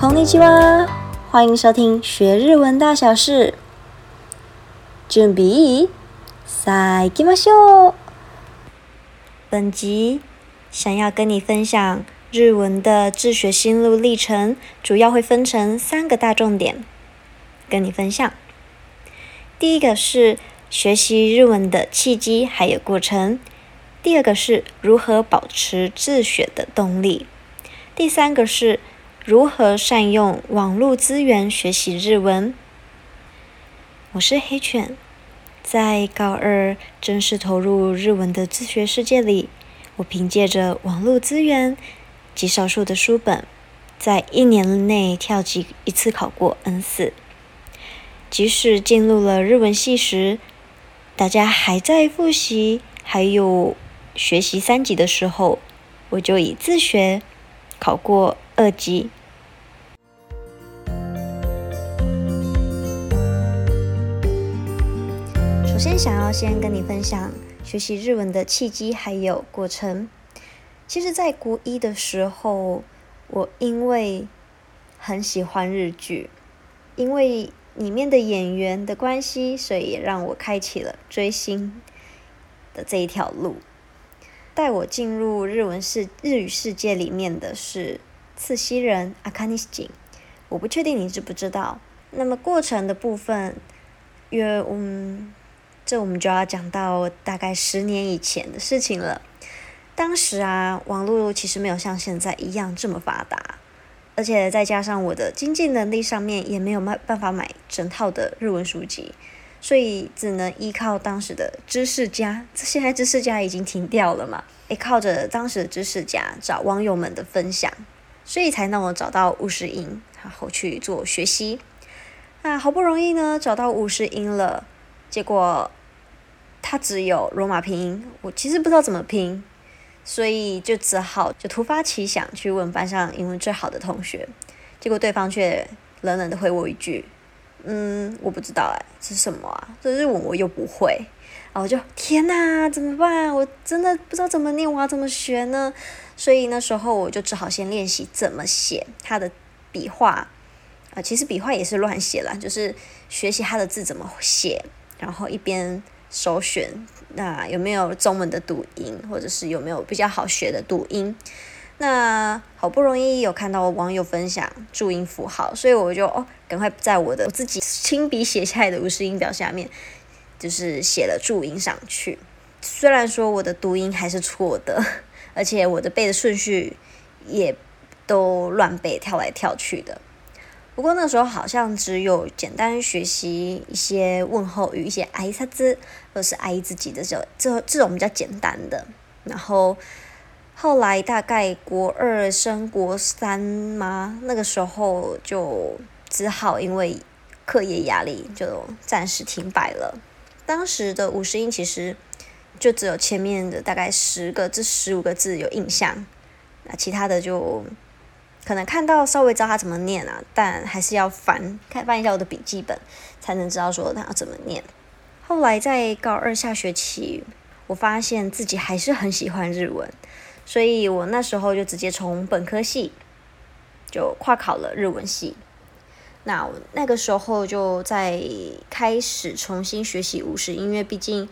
こんにちは！歡迎收聽《學日文大小事》，準備さあいきましょう。本集想要跟你分享日文的自學心路歷程，主要會分成三個大重點，跟你分享。第一個是學習日文的契機還有過程；第二個是如何保持自學的動力；第三個是。如何善用網絡資源學習日文？我是黑犬，在高二正式投入日文的自學世界裡，我憑借着網絡資源、極少數的書本，在一年內跳級一次考過 N4。即使進入了日文系時，大家還在複習，還有學習三級的時候，我就以自學考過二級。首先，想要先跟你分享學習日文的契機還有過程。其實，在國一的時候，我因為很喜歡日劇，因為裡面的演員的關係，所以也讓我開啟了追星的這一條路。帶我進入日文世日語世界裡面的是赤西仁阿卡尼基。我不確定你知不知道。那麼，過程的部分，約嗯。這我們就要講到大概十年以前的事情了。當時啊，網絡其實沒有像現在一樣這麼發達，而且再加上我的經濟能力上面也沒有辦辦法買整套的日文書籍，所以只能依靠當時的知識家。現在知識家已經停掉了嘛？哎、欸，靠着當時的知識家找網友們的分享，所以才讓我找到五十音，然後去做學習。啊，好不容易呢，找到五十音了，結果。他只有羅馬拼音，我其實不知道怎麼拼，所以就只好就突發奇想去問班上英文最好的同學，結果對方卻冷冷的回我一句：“嗯，我不知道哎、欸，這是什麼啊？這日文，我又不會。”然後我就天哪，怎麼辦？我真的不知道怎麼念，我要怎麼學呢？所以那時候我就只好先練習怎麼寫他的筆畫啊、呃，其實筆畫也是亂寫啦，就是學習他的字怎麼寫，然後一邊。首選，那有沒有中文的讀音，或者是有沒有比較好學的讀音？那好不容易有看到網友分享注音符號，所以我就哦，趕快在我的我自己親筆寫下來的五十音表下面，就是寫了注音上去。雖然說我的讀音還是錯的，而且我的背的順序也都亂背，跳來跳去的。不過那時候好像只有簡單學習一些問候語，一些挨拶，或是哎自己的時候，這這種比較簡單的。然後後來大概國二升國三嘛，那個時候就只好因為課業壓力就暫時停擺了。當時的五十音其實就只有前面的大概十個至十五個字有印象，那其他的就。可能看到稍微知道他怎麼唸啊，但還是要翻看，翻一下我的筆記本，才能知道說他要怎麼唸。後來在高二下學期，我發現自己還是很喜歡日文，所以我那時候就直接從本科系就跨考了日文系。那我那個時候就在開始重新學習五十音樂，因為畢竟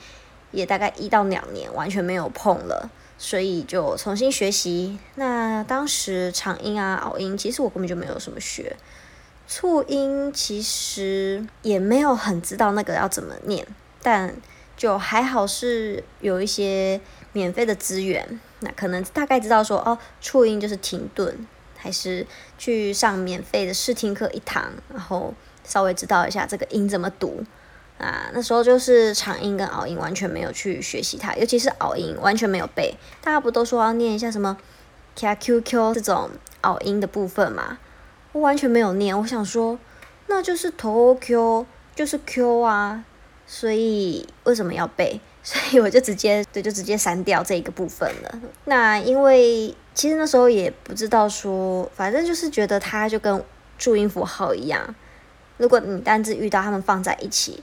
也大概一到兩年完全沒有碰了。所以就重新學習。那當時長音啊、拗音，其實我根本就沒有什麼學。促音其實也沒有很知道那個要怎麼念，但就還好是有一些免費的資源，那可能大概知道說哦，促音就是停頓，還是去上免費的試聽課一堂，然後稍微知道一下這個音怎麼讀。啊，那時候就是長音跟拗音完全沒有去學習它，尤其是拗音完全沒有背。大家不都說要念一下什麼 k q q 這種拗音的部分嘛？我完全沒有念。我想說，那就是 t o toku 就是 q 啊，所以為什麼要背？所以我就直接對，就直接刪掉這一個部分了。那因為其實那時候也不知道說，反正就是覺得它就跟注音符號一樣，如果你單字遇到它們放在一起。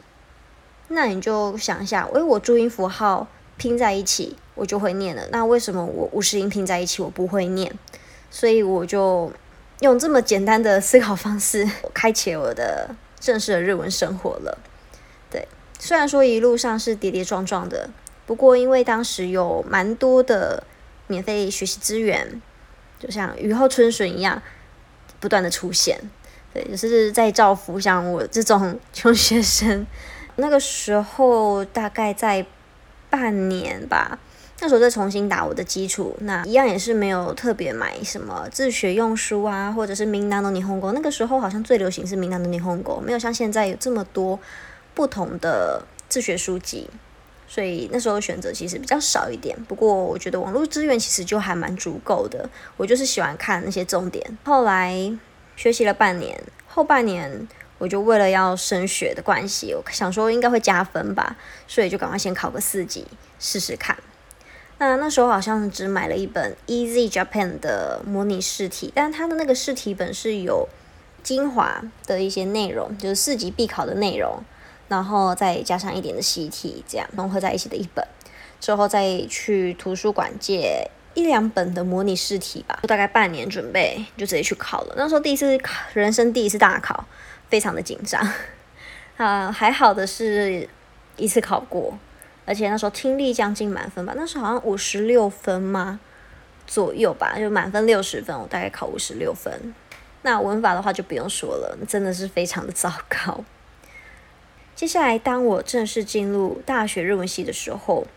那你就想一下，誒、欸，我注音符號拼在一起，我就會念了。那為什麼我五十音拼在一起，我不會念？所以我就用這麼簡單的思考方式，開啟我的正式的日文生活了。對，雖然說一路上是跌跌撞撞的，不過因為當時有蠻多的免費學習資源，就像雨後春筍一樣，不斷的出現。對，也、就是在造福像我這種窮學生。那個時候大概在半年吧，那時候再重新打我的基礎，那一樣也是沒有特別買什麼自學用書啊，或者是みんなの日本語。那個時候好像最流行是みんなの日本語，沒有像現在有這麼多不同的自學書籍，所以那時候選擇其實比較少一點。不過我覺得網絡資源其實就還蠻足夠的，我就是喜歡看那些重點。後來學習了半年，後半年。我就為了要升學的關係，我想說應該會加分吧，所以就趕快先考個四級試試看。那那時候好像只買了一本《Easy Japan》的模擬試題，但它的那個試題本是有精華的一些內容，就是四級必考的內容，然後再加上一點的習題，這樣融合在一起的一本。之後再去圖書館借。一兩本的模擬試題吧，就大概半年準備，就直接去考了。那時候第一次考，人生第一次大考，非常的緊張。啊、呃，還好的是一次考過，而且那時候聽力將近滿分吧，那時候好像五十六分嗎？左右吧，就滿分六十分，我大概考五十六分。那文法的話就不用說了，真的是非常的糟糕。接下來，當我正式進入大學日文系的時候。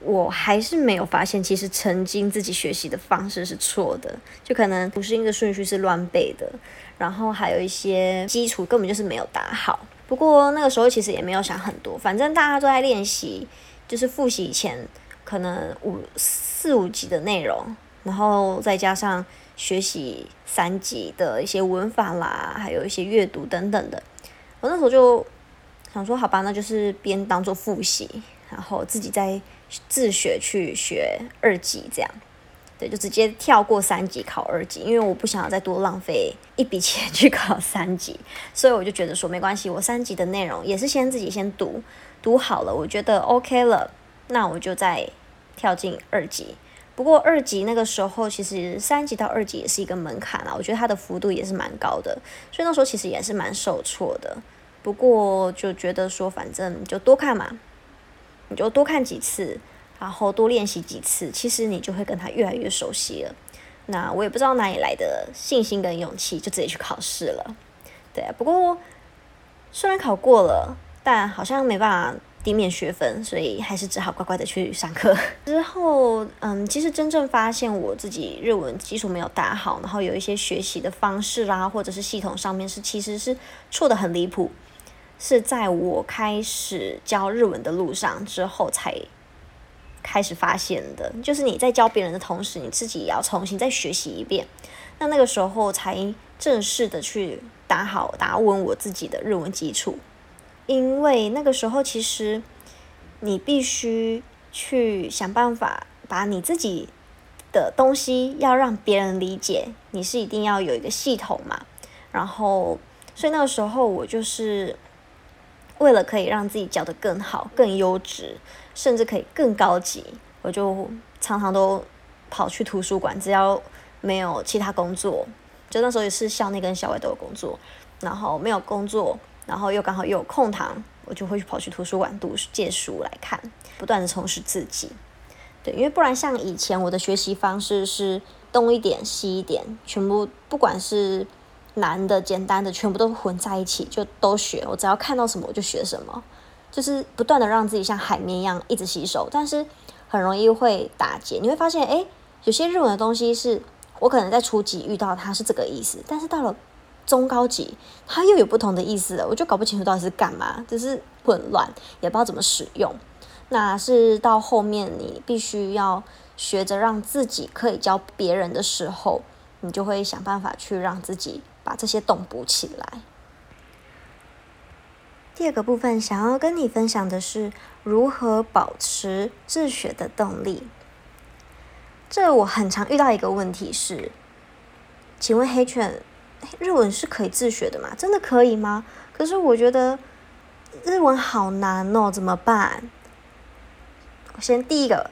我還是沒有發現，其實曾經自己學習的方式是錯的，就可能不是一個順序，是亂背的，然後還有一些基礎根本就是沒有打好。不過那個時候其實也沒有想很多，反正大家都在練習，就是複習以前可能五四五級的內容，然後再加上學習三級的一些文法啦，還有一些閱讀等等的。我那時候就想說，好吧，那就是邊當做複習，然後自己再。自學去學二級這樣，對，就直接跳過三級考二級，因為我不想要再多浪費一筆錢去考三級，所以我就覺得說沒關係，我三級的內容也是先自己先讀讀好了，我覺得 OK 了，那我就再跳進二級。不過二級那個時候其實三級到二級也是一個門檻啊，我覺得它的幅度也是蠻高的，所以那時候其實也是蠻受挫的。不過就覺得說反正就多看嘛。你就多看幾次，然後多練習幾次，其實你就會跟他越來越熟悉了。那我也不知道哪裡來的信心跟勇氣，就自己去考試了。對、啊，不過雖然考過了，但好像沒辦法抵免學分，所以還是只好乖乖的去上課。之後，嗯，其實真正發現我自己日文基礎沒有打好，然後有一些學習的方式啦、啊，或者是系統上面是其實是錯得很離譜，是在我開始教日文的路上之後才開始發現的，就是你在教別人的同時，你自己也要重新再學習一遍。那那個時候才正式的去打好、打穩我自己的日文基礎，因為那個時候其實你必須去想辦法把你自己的東西要讓別人理解，你是一定要有一個系統嘛。然後，所以那個時候我就是。為了可以讓自己教得更好、更優質，甚至可以更高級，我就常常都跑去圖書館。只要沒有其他工作，就那時候也是校內跟校外都有工作，然後沒有工作，然後又剛好又有空堂，我就會去跑去圖書館讀借書來看，不斷的充實自己。對，因為不然像以前我的學習方式是東一點西一點，全部不管是。難的、簡單的全部都混在一起，就都學。我只要看到什麼我就學什麼，就是不斷的讓自己像海綿一樣一直吸收。但是很容易會打結，你會發現，哎、欸，有些日文的東西是我可能在初級遇到它是這個意思，但是到了中高級它又有不同的意思了，我就搞不清楚到底是幹嘛，就是混亂，也不知道怎麼使用。那是到後面你必須要學着讓自己可以教別人的時候，你就會想辦法去讓自己。把這些洞補起來。第二個部分想要跟你分享的是如何保持自學的動力。這我很常遇到一個問題是，請問黑犬，日文是可以自學的嗎？真的可以嗎？可是我覺得日文好難哦，怎麼辦？我先第一個。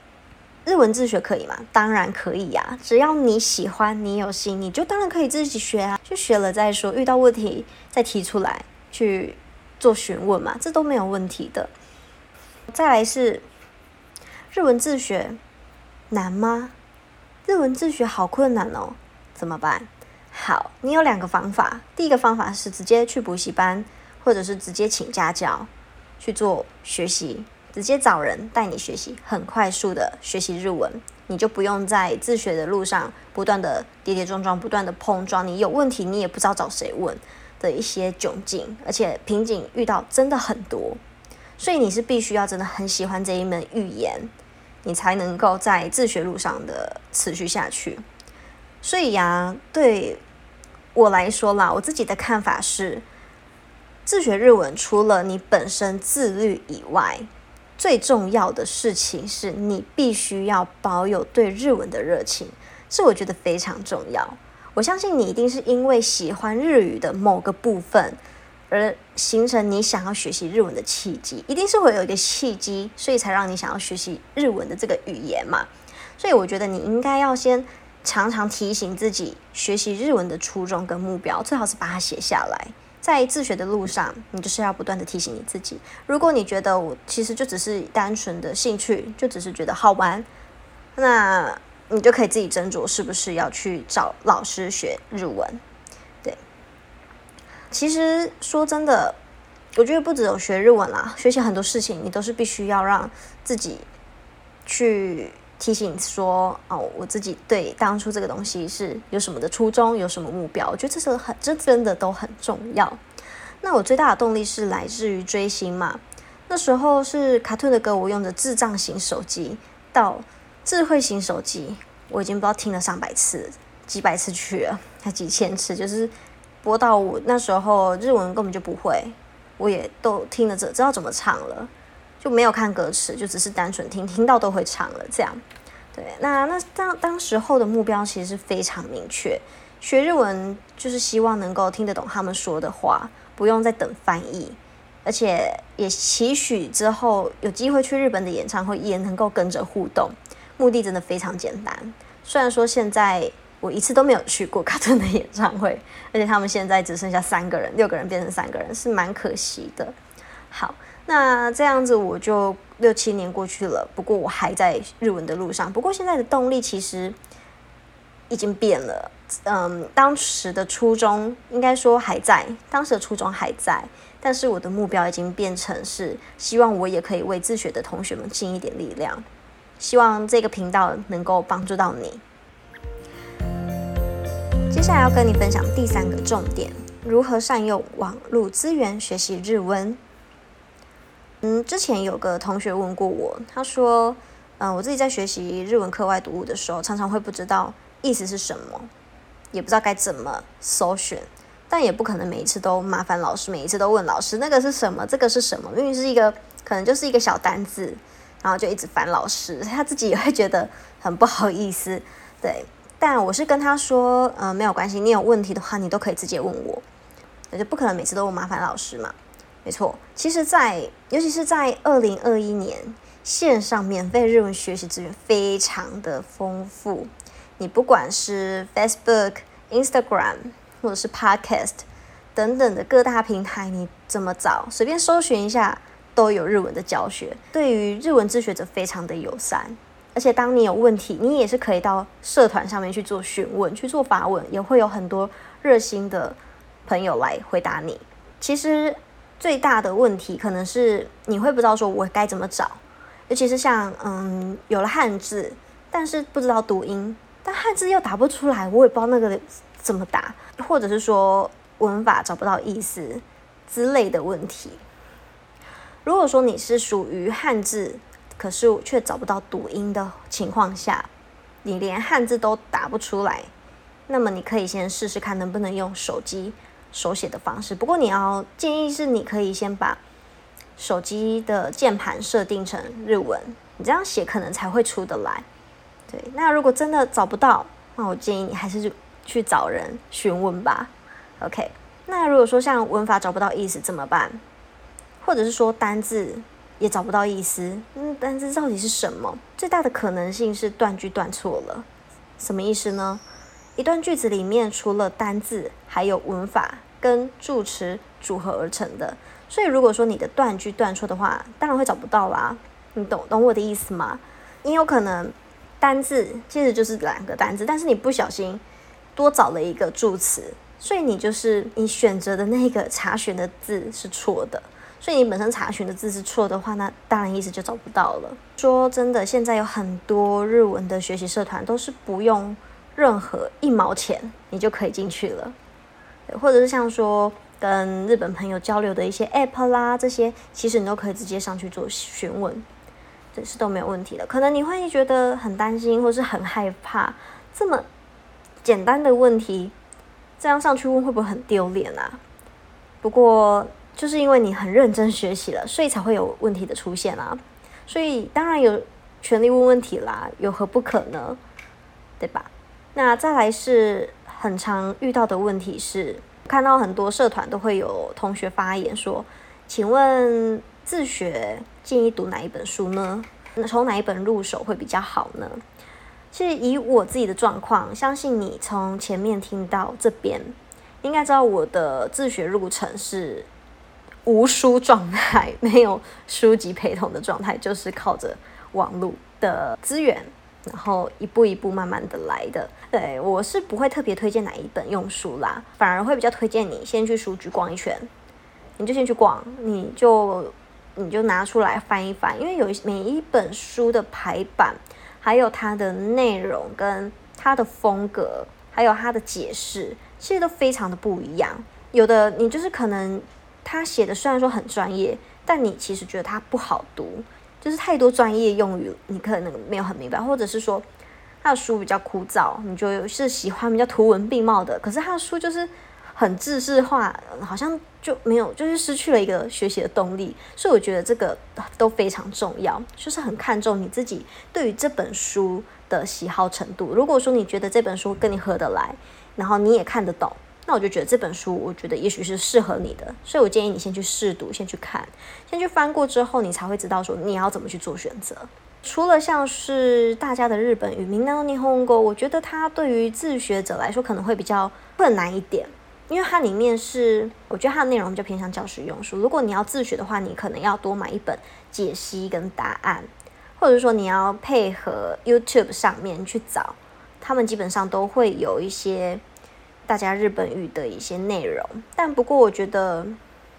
日文自學可以嗎？當然可以呀，只要你喜歡，你有心，你就當然可以自己學啊。去學了再說，遇到問題再提出來去做詢問嘛，這都沒有問題的。再來是日文自學難嗎？日文自學好困難哦，怎麼辦？好，你有兩個方法，第一個方法是直接去補習班，或者是直接請家教去做學習。直接找人帶你學習，很快速的學習日文，你就不用在自學的路上不斷的跌跌撞撞，不斷的碰撞。你有問題，你也不知道找誰問的一些窘境，而且瓶頸遇到真的很多，所以你是必須要真的很喜歡這一門語言，你才能夠在自學路上的持續下去。所以呀，對我來說啦，我自己的看法是，自學日文除了你本身自律以外，最重要的事情是你必須要保有對日文的熱情，這我覺得非常重要。我相信你一定是因為喜歡日語的某個部分而形成你想要學習日文的契機，一定是會有一個契機，所以才讓你想要學習日文的這個語言嘛。所以我覺得你應該要先常常提醒自己學習日文的初衷跟目標，最好是把它寫下來。在自學的路上，你就是要不斷的提醒你自己。如果你覺得我其實就只是單純的興趣，就只是覺得好玩，那你就可以自己斟酌是不是要去找老師學日文。對，其實說真的，我覺得不只有學日文啦，學習很多事情你都是必須要讓自己去。提醒說哦，我自己對當初這個東西是有什麼的初衷，有什麼目標？我覺得這是很，這真的都很重要。那我最大的動力是來自於追星嘛。那時候是卡通的歌，我用的智障型手機到智慧型手機，我已經不知道聽了上百次、幾百次去了，還幾千次，就是播到我那時候日文根本就不會，我也都聽了這知道怎麼唱了。就沒有看歌詞，就只是單純聽，聽到都會唱了這樣。對，那那當當時候的目標其實是非常明確，學日文就是希望能夠聽得懂他們說的話，不用再等翻譯，而且也期許之後有機會去日本的演唱會也能夠跟着互動。目的真的非常簡單，雖然說現在我一次都沒有去過 KAT-TUN 的演唱會，而且他們現在只剩下三個人，六個人變成三個人，是蠻可惜的。好，那這樣子我就六七年過去了。不過我還在日文的路上。不過現在的動力其實已經變了。嗯，當時的初衷應該說還在，當時的初衷還在，但是我的目標已經變成是希望我也可以為自學的同學們盡一點力量，希望這個頻道能夠幫助到你。接下來要跟你分享第三個重點：如何善用網絡資源學習日文。嗯，之前有個同學問過我，他說，嗯、呃，我自己在學習日文課外讀物的時候，常常會不知道意思是什麼，也不知道該怎麼搜尋，但也不可能每一次都麻煩老師，每一次都問老師那個是什麼，這個是什麼，因為是一個可能就是一個小單字，然後就一直煩老師，他自己也會覺得很不好意思，對。但我是跟他說，嗯、呃，沒有關係，你有問題的話，你都可以直接問我，那就不可能每次都麻煩老師嘛。沒錯，其實在，在尤其是在二零二一年，線上免費日文學習資源非常的豐富。你不管是 Facebook、Instagram，或者是 Podcast 等等的各大平台，你怎麼找，隨便搜尋一下，都有日文的教學，對於日文自學者非常的友善。而且，當你有問題，你也是可以到社團上面去做詢問、去做發問，也會有很多熱心的朋友來回答你。其實。最大的問題可能是你會不知道說我該怎麼找，尤其是像嗯有了漢字，但是不知道讀音，但漢字又打不出來，我也不知道那個怎麼打，或者是說文法找不到意思之類的問題。如果說你是屬於漢字，可是卻找不到讀音的情況下，你連漢字都打不出來，那麼你可以先試試看能不能用手機手寫的方式，不過你要建議是，你可以先把手機的鍵盤設定成日文，你這樣寫可能才會出得來。對，那如果真的找不到，那我建議你還是去找人詢問吧。OK，那如果說像文法找不到意思怎麼辦？或者是說單字也找不到意思，嗯，單字到底是什麼？最大的可能性是斷句斷錯了，什麼意思呢？一段句子裡面除了單字，還有文法跟助詞組合而成的。所以如果說你的斷句斷錯的話，當然會找不到啦。你懂懂我的意思嗎？你有可能單字其實就是兩個單字，但是你不小心多找了一個助詞，所以你就是你選擇的那個查詢的字是錯的。所以你本身查詢的字是錯的話，那當然意思就找不到了。說真的，現在有很多日文的學習社團都是不用。任何一毛錢，你就可以進去了，或者是像說跟日本朋友交流的一些 app 啦，這些其實你都可以直接上去做詢問，這是都沒有問題的。可能你會覺得很擔心，或是很害怕這麼簡單的問題，這樣上去問會不會很丟臉啊？不過就是因為你很認真學習了，所以才會有問題的出現啊，所以當然有權利問問題啦，有何不可呢？對吧？那再來是很常遇到的問題是，看到很多社團都會有同學發言說：“請問自學建議讀哪一本書呢？從哪一本入手會比較好呢？”其實以我自己的狀況，相信你從前面聽到這邊，應該知道我的自學路程是無書狀態，沒有書籍陪同的狀態，就是靠着網路的資源。然後一步一步慢慢的來的。對，我是不會特別推薦哪一本用書啦，反而會比較推薦你先去書局逛一圈，你就先去逛，你就你就拿出來翻一翻，因為有每一本書的排版，還有它的內容跟它的風格，還有它的解釋，其實都非常的不一樣。有的你就是可能他寫的雖然說很專業，但你其實覺得它不好讀。就是太多專業用語，你可能沒有很明白，或者是說他的書比較枯燥，你就是喜歡比較圖文並茂的，可是他的書就是很自制化，好像就沒有，就是失去了一個學習的動力。所以我覺得這個都非常重要，就是很看重你自己對於這本書的喜好程度。如果說你覺得這本書跟你合得來，然後你也看得懂。那我就覺得這本書，我覺得也許是適合你的，所以我建議你先去試讀，先去看，先去翻過之後，你才會知道說你要怎麼去做選擇。除了像是大家的日本語 Minna no Nihongo，我覺得它對於自學者來說可能會比較困難一點，因為它裡面是我覺得它的內容就偏向教師用書。如果你要自學的話，你可能要多買一本解析跟答案，或者是說你要配合 YouTube 上面去找，他們基本上都會有一些。大家日本語的一些內容，但不過我覺得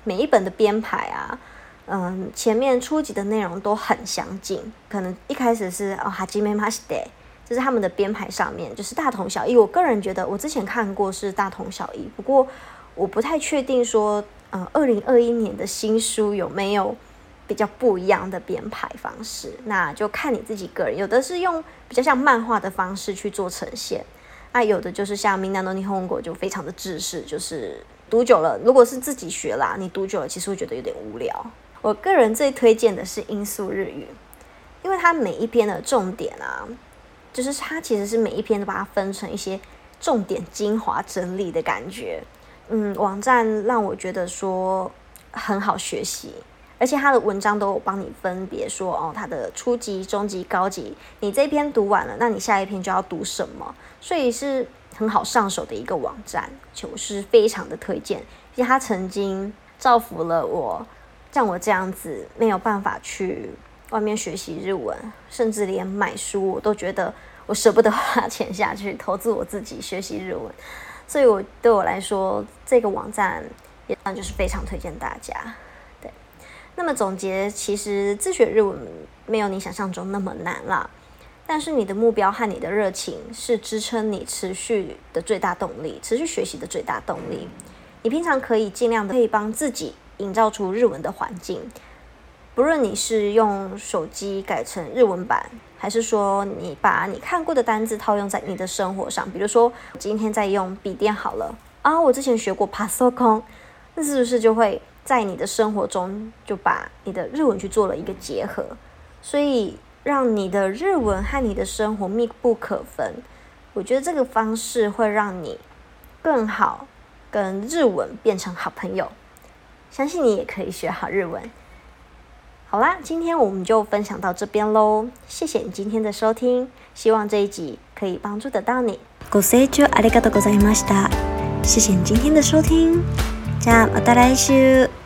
每一本的編排啊，嗯，前面初級的內容都很相近，可能一開始是哦哈吉梅馬西德，這、oh, 就是他們的編排上面就是大同小異。我個人覺得我之前看過是大同小異，不過我不太確定說，嗯，二零二一年的新書有沒有比較不一樣的編排方式，那就看你自己個人，有的是用比較像漫畫的方式去做呈現。那、啊、有的就是像《Minna no Nihongo》就非常的制式，就是讀久了，如果是自己學啦、啊，你讀久了其實會覺得有點無聊。我個人最推薦的是《音速日語》，因為它每一篇的重點啊，就是它其實是每一篇都把它分成一些重點精華整理的感覺。嗯，網站讓我覺得說很好學習。而且他的文章都有幫你分別說哦，他的初級、中級、高級，你這篇讀完了，那你下一篇就要讀什麼？所以是很好上手的一個網站，就是非常的推薦。因為他曾經造福了我，像我這樣子沒有辦法去外面學習日文，甚至連買書我都覺得我捨不得花錢下去投資我自己學習日文，所以我對我來說，這個網站也算就是非常推薦大家。那麼總結，其實自學日文沒有你想象中那麼難啦。但是你的目標和你的熱情是支撐你持續的最大動力，持續學習的最大動力。你平常可以盡量的可以幫自己營造出日文的環境，不論你是用手機改成日文版，還是說你把你看過的單字套用在你的生活上，比如說今天在用筆電好了啊，我之前學過パソコン，那是不是就會？在你的生活中就把你的日文去做了一個結合，所以讓你的日文和你的生活密不可分。我覺得這個方式會讓你更好跟日文變成好朋友，相信你也可以學好日文。好啦，今天我們就分享到這邊嘍，謝謝你今天的收聽，希望這一集可以幫助得到你。ご視聴ありがとうございました，謝謝你今天的收聽，じゃあまた來週。